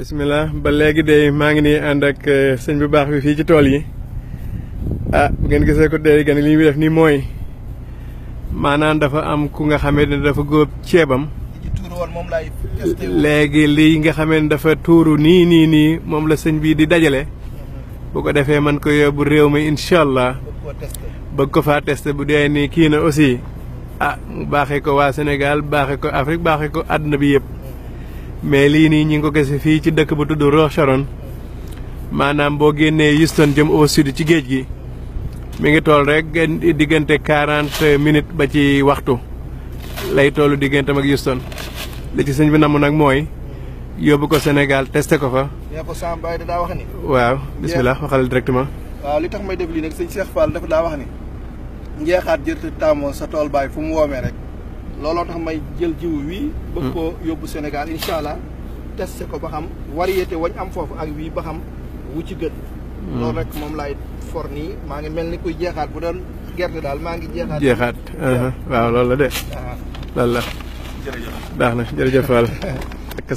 bisimilah ba léegi de maa ngi nii ànd ak eh, sëñ bu baax bi fii ci tool yi ah bu ngeen gisee ko de gan li ñuy def nii mooy maanaam dafa am ku nga xamee ne dafa góob ceebam. léegi lii nga xame ni dafa tuuru nii nii nii moom la sëñ bii di dajale. bu ko defee man ko yóbbu réew mi incha allah. bëgg ko faa testé bu dee nii kii na aussi. ah mu baaxee ko waa Sénégal baaxee ko Afrique baaxee ko àdduna bi yëpp. mais lii nii ñu ngi ko gese fii ci dëkk bu tudd Roche Sharon maanaam boo génnee Houston jëm au ci géej gi mi ngi tool rek diggante quarante minutes ba ci waxtu lay toolu diggante mag Houston li ci sëñ bi namm nag mooy yóbbu ko Sénégal testé ko fa. nee ko Samba wax ni. waaw bisimilah waxal directement. waaw li tax may def lii nag sëñ Cheikh Fall dafa daa wax ni. njeexaat jërëjëf taamoo sa tool baay fu mu woomee rek. looloo tax may jël jiw wii bëgg hmm. koo yóbbu Sénégal incha allah testé ko ba xam variété wañ am foofu ak wii ba xam wu ci gën hmm. loolu rek moom lay for nii maa ngi mel ni kuy jeexaat bu dal gerte daal maa ngi jeexaat jeexaat uh-huh. waaw loolu la de loolu la baax na jërëjëf Fall